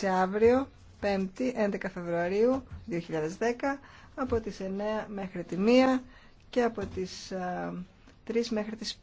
σε αύριο, 5η, 11 Φεβρουαρίου 2010, από τις 9 μέχρι τη 1 και από τις 3 μέχρι τις